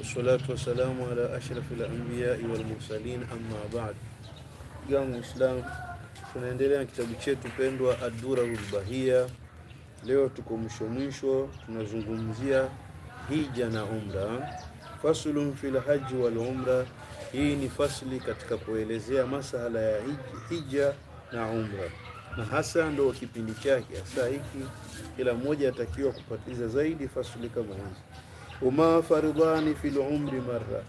Wassalatu wassalamu ala ashrafil anbiyai wal mursalin, amma ba'd. Ndugu Muislam, tunaendelea na kitabu chetu pendwa Ad-Durarul Bahia. Leo tuko mwisho mwisho, tunazungumzia hija na umra, faslun fil haji wal umra. Hii ni fasli katika kuelezea masala ya hija na umra, na hasa ndo kipindi chake hasa hiki, kila mmoja atakiwa kupatiza zaidi fasli kama hizi Uma faridhani fil umri marra,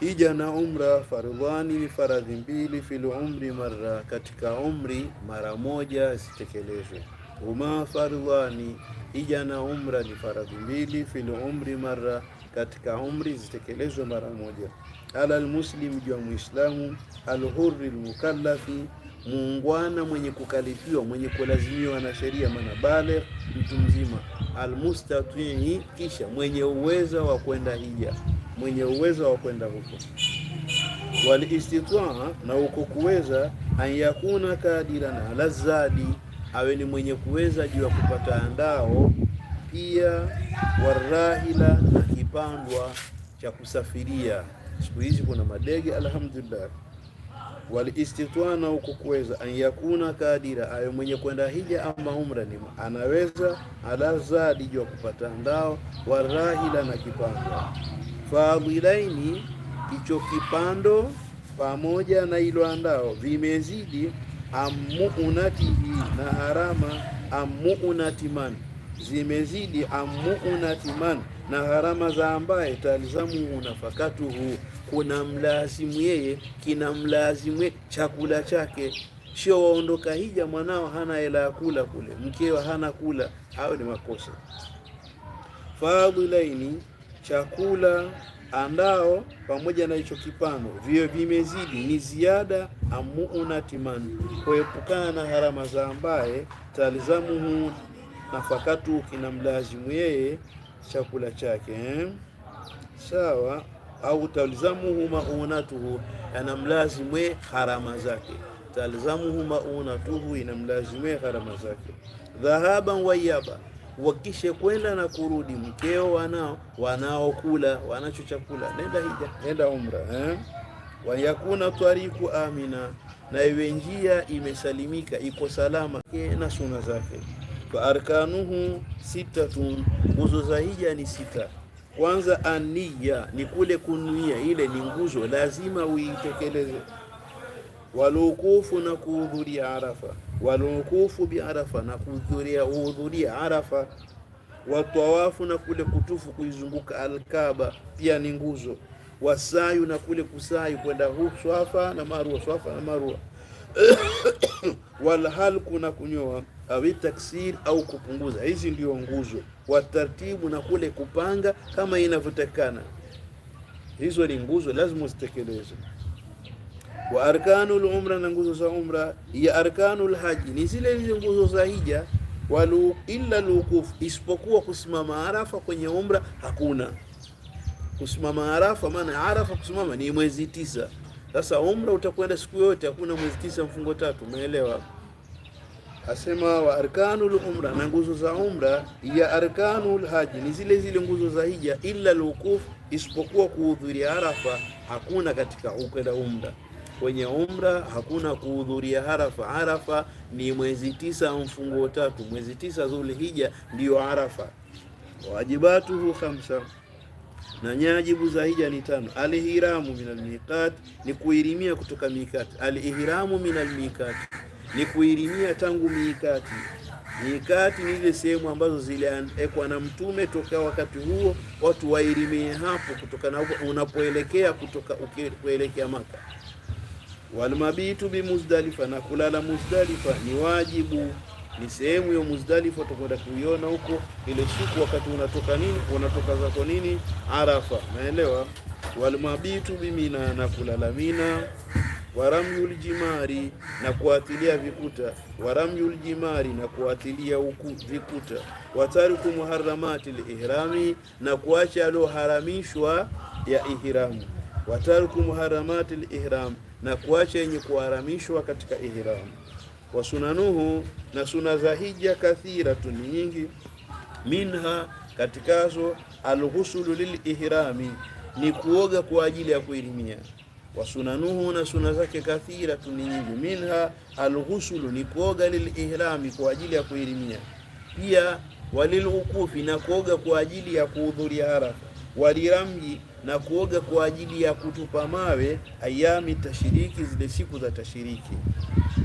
hija na umra faridhani ni faradhi mbili, fil umri marra, katika umri mara moja zitekelezwe. Uma faridhani, hija na umra ni faradhi mbili, fil umri marra, katika umri zitekelezwe mara moja. Ala almuslim, jua Muislamu, alhurri almukallafi muungwana mwenye kukalifiwa mwenye kulazimiwa na sheria, maana baligh, mtu mzima almustatini, kisha mwenye uwezo wa kwenda hija, mwenye uwezo wa kwenda huko. Walistitaa, na uko kuweza, anyakuna kadira na lazadi, awe ni mwenye kuweza juu ya kupata andao pia warahila na kipandwa cha kusafiria. Siku hizi kuna madege, alhamdulillah walistitwana na huko kuweza an yakuna kadira ayo mwenye kwenda hija ama umra ni anaweza ala zadi jua kupata ndao warahila na kipando fadhilaini icho kipando pamoja na ilo andao vimezidi amuunatihi na harama amuunatiman zimezidi man na gharama za ambaye talzamu nafakatuhu, kuna mlazimu yeye, kina mlazimu chakula chake. Sio waondoka hija, mwanao hana hela ya kula kule, mkewa hana kula, hayo ni makosa. Fadhilaini, chakula andao pamoja na hicho kipano vio vimezidi, ni ziada amuuna timani, kuepukana na gharama za ambaye talzamuhu nafakatu kina mlazimu yeye chakula chake eh? sawa, au talzamuhu maunatuhu, anamlazimwe harama zake. Talzamuhu maunatuhu, inamlazimwe harama zake. Dhahaban wayaba, wakishe kwenda na kurudi, mkeo wanao wanaokula wanacho chakula, nenda hija, nenda umra eh? wayakuna tariku amina, na iwe njia imesalimika, iko salama eh, na suna zake fa arkanuhu sitatu, nguzo za hija ni sita. Kwanza ania ni kule kunuia, ile ni nguzo lazima uitekeleze. Walukufu na kuhudhuria Arafa, walukufu bi Arafa na kuhudhuria uhudhuria Arafa. Watawafu na kule kutufu kuizunguka Alkaba pia ni nguzo. Wasayu na kule kusayu kwenda hu swafa na marua, swafa na marua. Walhalku na kunyoa au taksir au kupunguza. Hizi ndio nguzo, wa tartibu na kule kupanga kama inavyotakana. Hizo ni nguzo, lazima zitekelezwe. Wa arkanul umra, na nguzo za umra. Ya arkanul haji ni zile zile nguzo za hija walu illa lukuf, isipokuwa kusimama Arafa. Kwenye umra hakuna kusimama Arafa, maana Arafa kusimama ni mwezi tisa. Sasa umra utakwenda siku yote, hakuna mwezi tisa mfungo tatu, umeelewa? hapo? asema wa arkanul umra, na nguzo za umra ya arkanul haji ni zile zile nguzo za hija, illa lukuf, isipokuwa kuhudhuria Arafa. Hakuna katika ukenda umra kwenye umra hakuna kuhudhuria Arafa. Arafa ni mwezi tisa mfungo tatu, mwezi tisa Dhulhija ndiyo Arafa. Wajibatuhu khamsa, na nyajibu za hija ni tano. Alihiramu minalmiqat, ni kuirimia kutoka mikati. Alihiramu minalmiqat ni kuirimia tangu miikati. Miikati ni ile sehemu ambazo ziliwekwa na Mtume toka wakati huo, watu wairimie hapo, kutoka na unapoelekea kutoka kuelekea Maka. Walmabitu Muzdalifa, na kulala Muzdalifa ni wajibu ni sehemu ya Muzdalifa, utakwenda kuiona huko ile siku, wakati unatoka nini, unatoka zako nini Arafa, naelewa. Walmabitu Mina, na kulala Mina waramyul jimari na kuatilia vikuta, waramyul jimari na kuatilia vikuta, watariku muharramati lihrami na kuacha alioharamishwa ya ihramu, watariku muharramati lihram na kuacha yenye kuharamishwa katika ihramu, wasunanuhu na suna za hija kathiratun nyingi, minha katikazo alghusulu lilihrami ni kuoga kwa ajili ya kuhirimia wa sunanuhu, na suna zake kathira ni nyingi. Minha alghusulu ni kuoga, lilihrami kwa ajili ya kuhirimia, pia walilukufi na kuoga kwa ajili ya kuhudhuria Arafa, waliramji na kuoga kwa ajili ya kutupa mawe, ayami tashiriki, zile siku za tashiriki,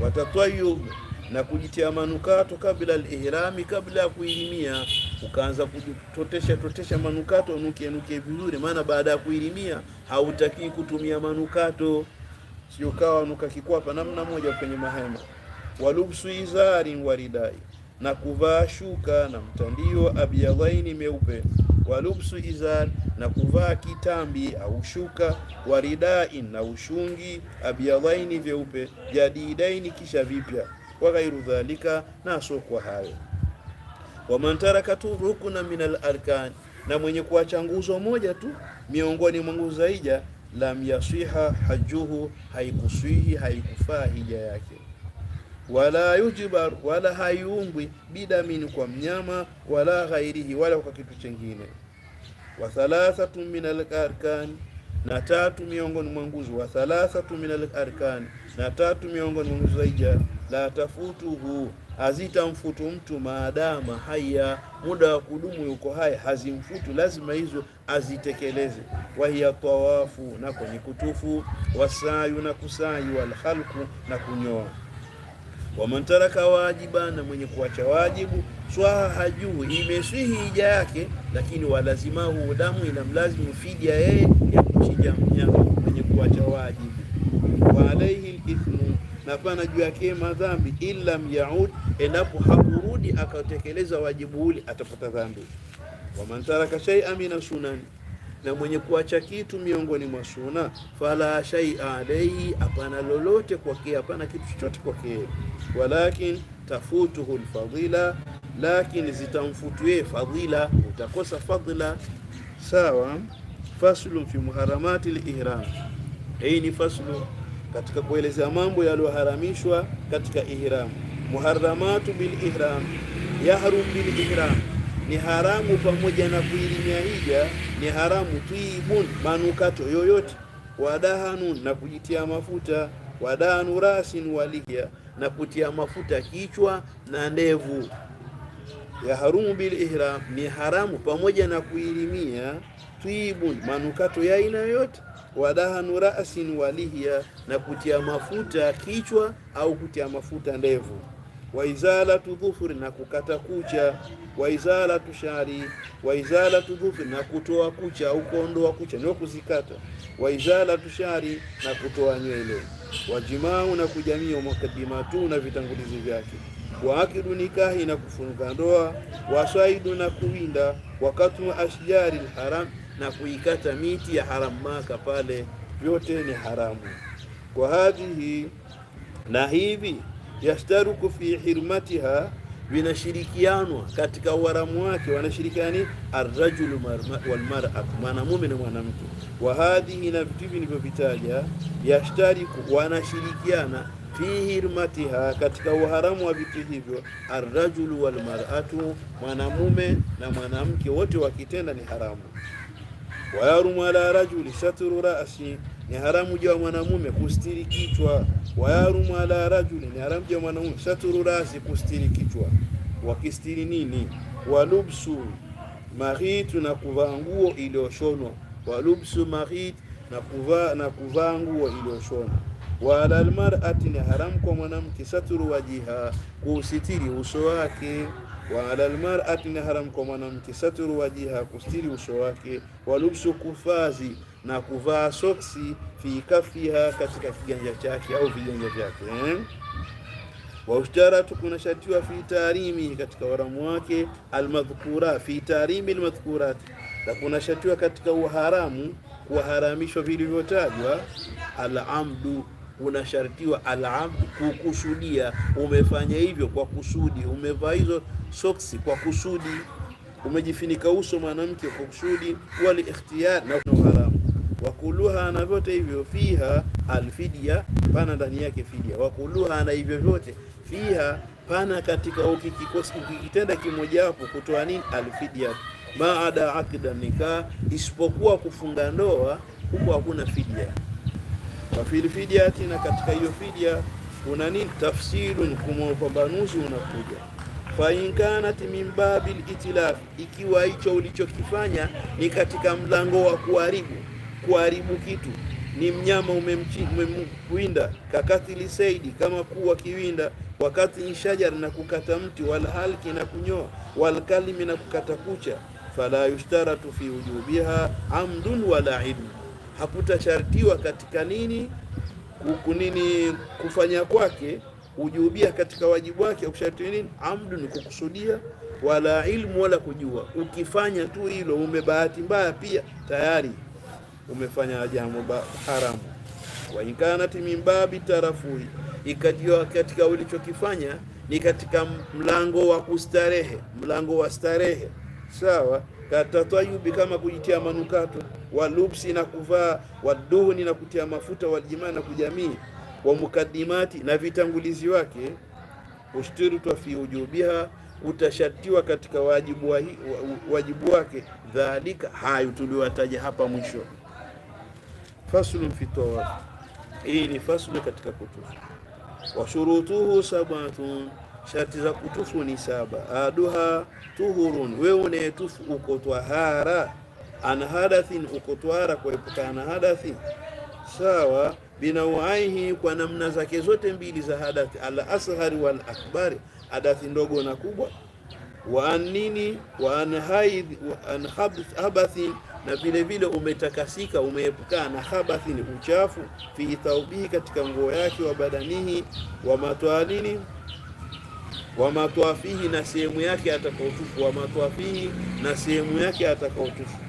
watatwayub na kujitia manukato, kabla lihrami, kabla ya kuhirimia ukaanza kutotesha totesha manukato, nuke nuke vizuri, maana baada ya kuilimia hautaki kutumia manukato, sio kawa nuka kikwapa namna moja kwenye mahema. Walubsu izari waridai, na kuvaa shuka na mtandio, abyadhaini meupe walubsu izar na kuvaa kitambi au shuka, waridain na ushungi, abyadhaini vyeupe, jadidaini kisha vipya, wa ghairu dhalika na sokwa hayo waman taraka tu rukna min alarkan, na mwenye kuacha nguzo moja tu miongoni mwa nguzo za hija, lam yasiha hajuhu, haikuswihi haikufaa hija yake wala yujbar wala haiungwi bidamin kwa mnyama wala ghairihi wala kwa kitu chengine. wa thalathatu min alarkan na tatu miongoni mwa nguzo wa thalathatu min alarkani na tatu miongoni mwa nguzo za hija. La tafutuhu, hazitamfutu mtu maadama haya, muda wa kudumu yuko hai, hazimfutu lazima hizo azitekeleze. Wahiya tawafu, na kwenye kutufu, wasayu na kusayi, walhalku na kunyoa waman taraka wajiba, na mwenye kuacha wajibu, swaha hajui imeswihi hija yake, lakini walazimahu damu inamlazimu fidia yeye ya mnyama mwenye kuacha wajibu. Wa alaihi lithmu, na pana juu yake madhambi. illa lam endapo hakurudi akatekeleza wajibu ule, atapata dhambi. Wa man taraka shay'an min sunan, na mwenye kuacha kitu miongoni mwa suna, fala shay'a alaihi, hapana lolote kwake, hapana kitu chochote kwake. Walakin tafutuhu lfadila, lakini zitamfutu yeye fadhila, utakosa fadhila. Sawa faslu fi muharamati lihram. Hii ni faslu katika kuelezea mambo yaliyoharamishwa katika ihram. Muharamatu bilihram, yahrum bilihram, ni haramu pamoja na kuilimia hija, ni haramu tibun, manukato yoyote, wadahanu na kujitia mafuta, wadahanu rasin walihya, na kutia mafuta kichwa na ndevu. Yahrumu bilihram, ni haramu pamoja na kuilimia tibun, manukato ya aina yoyote, wadahanu rasin walihya, na kutia mafuta kichwa au kutia mafuta ndevu, waizalatu dhufuri, na kukata kucha, waizalatu shari, waizalatu dhufuri, na kutoa kucha au kuondoa kucha, ndio kuzikata, waizalatu shari, na kutoa nywele, wajimau, na kujamia, mukadimatu, na vitangulizi vyake waakidu nikahi na kufunga ndoa, waswaidu na kuwinda, wakatmu ashjari lharam na kuikata miti ya haramu Maka pale, vyote ni haramu. Kwa hadhihi na hivi yastaruku fi hirmatiha, vinashirikianwa katika uharamu wake, wanashirikiani arrajulu walmaratu, mwanamume na mwanamke. Wa hadhihi na vitu vilivyovitaja, yashtariku, wanashirikiana fi hirmatiha, katika uharamu wa vitu hivyo, arrajulu walmaratu, mwanamume na mwanamke, wote wakitenda ni haramu wa wayarumu ala rajuli satru rasi, ni haramu juu ya mwanamume kustiri kichwa. Wa Wayarumu ala rajuli, ni haramu juu ya mwanamume satru rasi, kustiri kichwa. Wakistiri nini? Walubsu marit, na kuvaa nguo iliyoshonwa. Walubsu marit, na kuvaa na kuvaa nguo iliyoshonwa. Wa ala almar'ati, ni haramu kwa mwanamke satru wajiha, kuusitiri uso wake wa ala almar'ati, ni haram kwa mwanamke saturu wajiha, kustiri uso wake, walubsu kufazi, na kuvaa soksi, fi kafiha, katika kiganja chake au viganja vyake eh? wa Waushtaratu, kuna shatiwa fi tarimi, katika waramu wake, almadhkura fi tarimi almadhkurat, na kuna shatiwa katika uharamu, kuharamishwa vilivyotajwa alamdu unashartiwa alabdu kukusudia. Umefanya hivyo kwa kusudi, umevaa hizo soksi kwa kusudi, umejifunika uso mwanamke kwa kusudi. Wal ikhtiyar na haramu wakuluha na vyote hivyo, fiha alfidia, pana ndani yake fidia. Wakuluha na hivyo vyote, fiha pana katika ukikitenda hapo kutoa nini? Alfidia baada akda nikah, isipokuwa kufunga ndoa, huko hakuna fidia wafil fidyati, na katika hiyo fidya kuna nini? kuma upambanuzi unakuja. Fainkanat min babil itilaf, ikiwa hicho ulichokifanya ni katika mlango wa kuharibu, kuharibu kitu ni mnyama umemkuinda, kakatili saidi, kama kuwa kiwinda, wakati ni shajar, na kukata mti, walhalki, na kunyoa, walkalimi, na kukata kucha. Fala yushtaratu fi wujubiha amdun wala ilmu hakutashartiwa katika nini kunini kufanya kwake ujubia katika wajibu wake akusharti nini? Amdu ni kukusudia, wala ilmu wala kujua. Ukifanya tu hilo, umebahati mbaya pia, tayari umefanya jambo haramu. wa inkanati min babi tarafuhi, katika ulichokifanya ni katika mlango wa kustarehe, mlango wa starehe. Sawa katatayubi, kama kujitia manukato wa lubsi na kuvaa, waduhuni na kutia mafuta, waljimaa na kujamii, wa mukaddimati na vitangulizi wake, ushtirutwa fi ujubiha, utashatiwa katika wajibu, wa, wajibu wake. Dhalika, hayo tuliwataja hapa mwisho. Faslun fi tawaf, hii ni faslu katika kutufu. Washurutuhu sabatun Sharti za kutufu ni saba. Aduha tuhurun, wewe unayetufu uko twahara an hadathin ukutwara, kuepuka na hadathi sawa binawaihi, kwa namna zake zote mbili za hadathi, al asghari wal akbari, hadathi ndogo na kubwa wa an nini wa an haid wa an habathin, na vile vile umetakasika umeepuka na ni uchafu fi thawbihi, katika nguo yake, wa badanihi wa matwalini wa matwafihi, na sehemu yake atakaotufu, wa matwafihi, na sehemu yake atakaotufu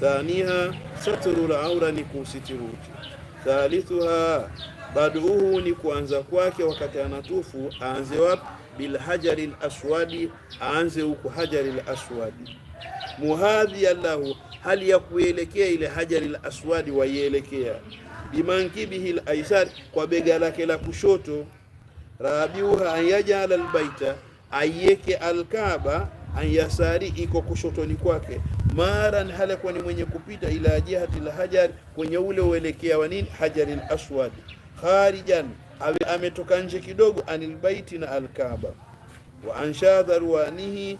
thaniha satru laura, ni kusitiri uchi. Thalithuha baduhu, ni kuanza kwake wakati anatufu. Aanze wapi? Bilhajari laswadi, aanze huku hajari laswadi. Muhadhia lahu, hali ya kuelekea ile hajari laswadi, waielekea bimankibihi laisari kwa bega lake la kushoto. Rabiuha an yajala albaita, aiyeke alkaaba an yasari iko kushotoni kwake, maran hala kwa ni mwenye kupita, ila jihati lhajar, kwenye ule uelekea wa nini, hajari laswad, kharijan awe ametoka nje kidogo, anilbaiti na alkaaba, wa an shadha ruwanihi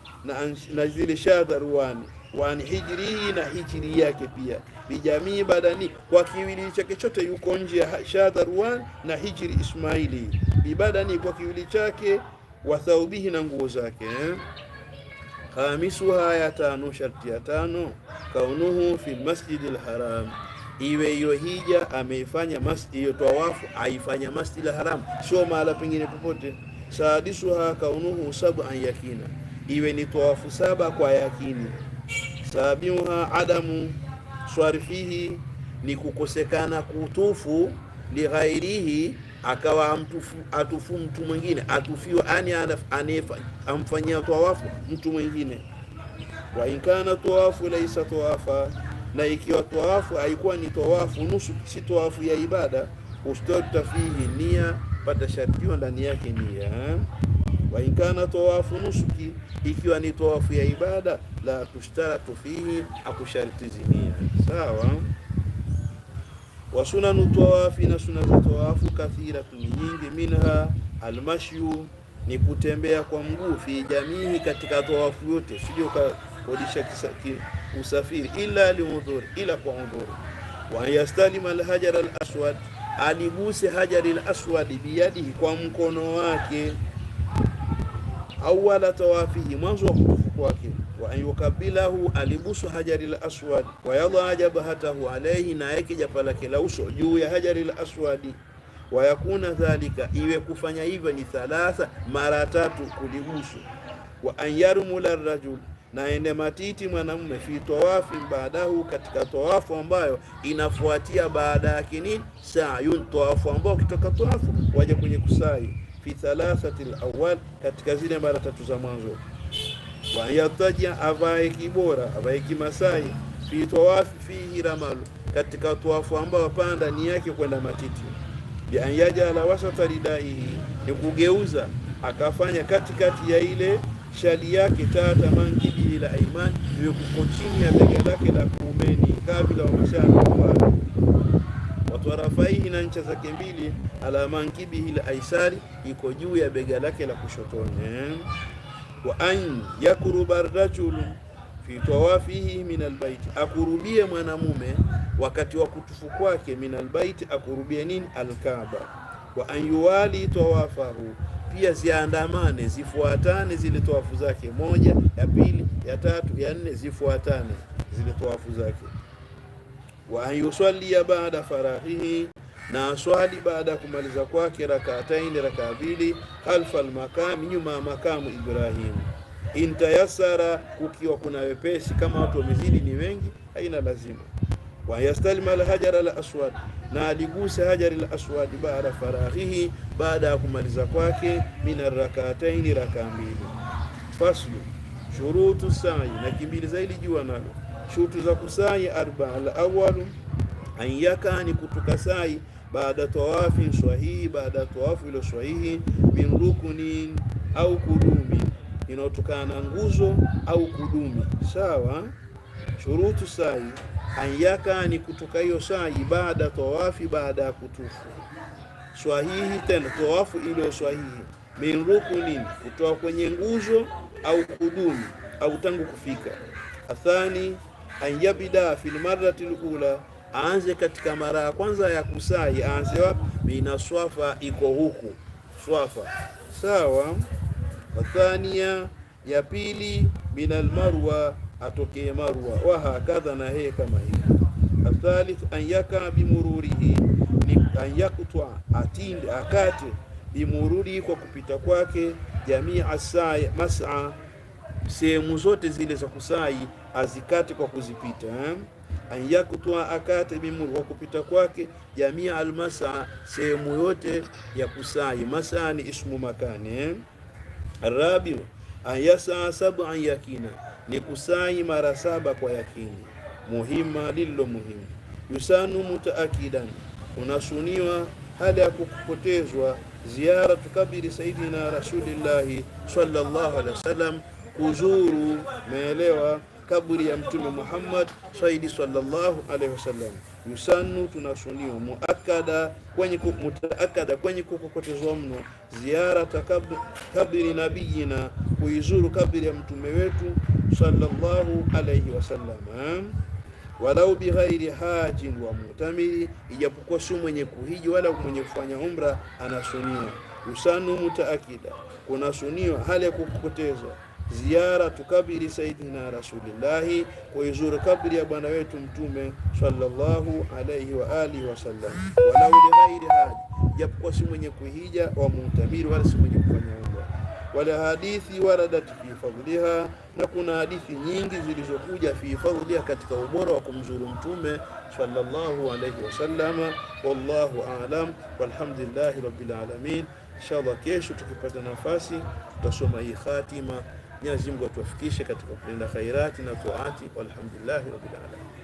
na zile shadha ruwani wa an hijrihi na hijri yake pia, bijamii badani kwa kiwili chake chote, yuko nje ya shadharwan na hijri Ismaili, bibadani kwa kiwili chake, wa thaubihi na nguo zake eh? hamisuha ya tano, sharti ya tano, kaunuhu fi masjidil haram, iwe hiyo hija ameifanya masjid, hiyo tawafu aifanya masjidil haram, sio mahala pengine popote. sadisuha kaunuhu sab'an yakina, iwe ni tawafu saba kwa yakini. Sabiuha adamu swarifihi, ni kukosekana kutufu lighairihi akawa amtufu, atufu mtu mwingine atufiwa ani amfanyia tawafu mtu mwingine. Wa inkana tawafu laisa tawafa, na ikiwa tawafu haikuwa ni tawafu nusu, si tawafu ya ibada. Ustata fihi nia, pata shartiwa ndani yake nia. Wa inkana tawafu nusuki, ikiwa ni tawafu ya ibada, la tustaratu fihi, akushartizi nia sawa wa sunanu tawafi, na suna za tawafu, kathiratun nyingi, minha almashyu ni kutembea kwa mguu, fi jamii katika tawafu yote, sio kakodisha usafiri, ila liudhuri, ila kwa udhuri. Wa yastalima alhajar alaswad, aliguse hajari alaswad biyadihi, kwa mkono wake, awala tawafihi, mwanzo wa kutufu kwake wa an yukabilahu alibusu hajari laswad wayadaa jabhatahu alaihi, na yake japa lake la uso juu ya hajari laswadi. Wayakuna dhalika, iwe kufanya hivyo ni thalatha, mara tatu kulibusu Wa an yarmula rajul, na ende matiti mwanamume fi tawafi baadahu, katika tawafu ambayo inafuatia baada yake nini, sayun, tawafu ambayo ukitoka tawafu waje kwenye kusai fi thalathati alawal, katika zile mara tatu za mwanzo wayataja avae kibora avae kimasai fi tawafi fihi ramalu, katika tawafu ambao hapa ni yake kwenda matiti. Bi an yajala wasata ridaihi, ni kugeuza akafanya katikati ya ile shali yake tata mangibi ila iman, ni kuko chini ya bega lake la kuumeni kabla wa mashana wa watarafaihi, na ncha zake mbili ala mangibi ila aisari, iko juu ya bega lake la kushotoni wa an yakruba rajulu fi tawafihi min albaiti, akurubie mwanamume wakati wa kutufu kwake, min albaiti, akurubie nini? Alkaaba. Wa an yuwali tawafahu, pia ziandamane zifuatane zile tawafu zake, moja ya pili ya tatu ya nne, zifuatane zile tawafu zake. Wa an yusalli baada farahihi na swali baada ya kumaliza kwake rakaataini rakaa mbili khalfa almakami, nyuma ya makamu Ibrahimu. Intayasara, kukiwa kuna wepesi, kama watu wamezidi ni wengi, haina lazima. Wayastalima alhajara alaswad, na aliguse hajari alaswad baada faraghihi, baada ya kumaliza kwake min arakaataini, rakaa mbili. Faslu shurutu sa'i, na kimbili zaidi jua nalo shurutu za kusai arba. Alawalu an ni kutuka sai baada tawafi swahihi, baada tawafu ilo swahihi, min rukunin au kudumi, inayotokana na nguzo au kudumi. Sawa. Shurutu sai anyaka ni kutoka hiyo sai, baada tawafi, baada ya kutufu swahihi, tena tawafu ilo swahihi, min rukunin, kutoka kwenye nguzo au kudumi au tangu kufika. Athani anyabida fil marratil ula aanze katika mara ya kwanza ya kusai, aanze wapi? Mina swafa iko huku swafa, sawa. Wathania ya pili, mina marwa atokee Marwa, wa hakadha na hee kama hivi. Athalith an yaka bimururihi ni an yakutwa atinde akate bimururihi kwa kupita kwake, jamii asai mas'a sehemu zote zile za kusai azikate kwa kuzipita eh? an yakutwa akate bimur wa kupita kwake jamia almasa sehemu yote ya kusai Masaa ni ismu makani eh? rabi an yasaa sab'an yakina ni kusai mara saba kwa yakini. Muhima lillo muhimu yusanu mutaakidan unasuniwa hali ya kupotezwa ziara tukabiri sayidina Rasulillahi sallallahu alaihi wasallam kuzuru, meelewa kaburi ya Mtume Muhammad saidi sallallahu alaihi wasallam. Yusanu, tunasuniwa muakada kwenye mutaakada kwenye kukokotezwa mno ziara kabri nabiyina, kuizuru kabri ya mtume wetu sallallahu alaihi wasallam eh? walau bighairi hajin wa mutamiri, ijapokuwa si mwenye kuhiji wala mwenye kufanya umra anasuniwa. Yusanu mutaakida, kunasuniwa hali ya kukokotezwa ziara tukabiri sayidina rasulillahi, kuizuru kabri ya bwana wetu mtume sallallahu alayhi wa alihi wasallam, walau lighairi haja, japokuwa si mwenye kuhija wa mutamiri wala si mwenye kufanya umra. Wala hadithi waradat fi fadliha, na kuna hadithi nyingi zilizokuja fi fadliha, katika ubora wa kumzuru mtume sallallahu alayhi wasallam. Wallahu aalam, walhamdulillahi rabbil alamin. Inshallah, kesho tukipata nafasi tutasoma hii khatima. Mwenyezi Mungu atuwafikishe katika kutenda khairati na tuati, walhamdulillahi rabbil alamin.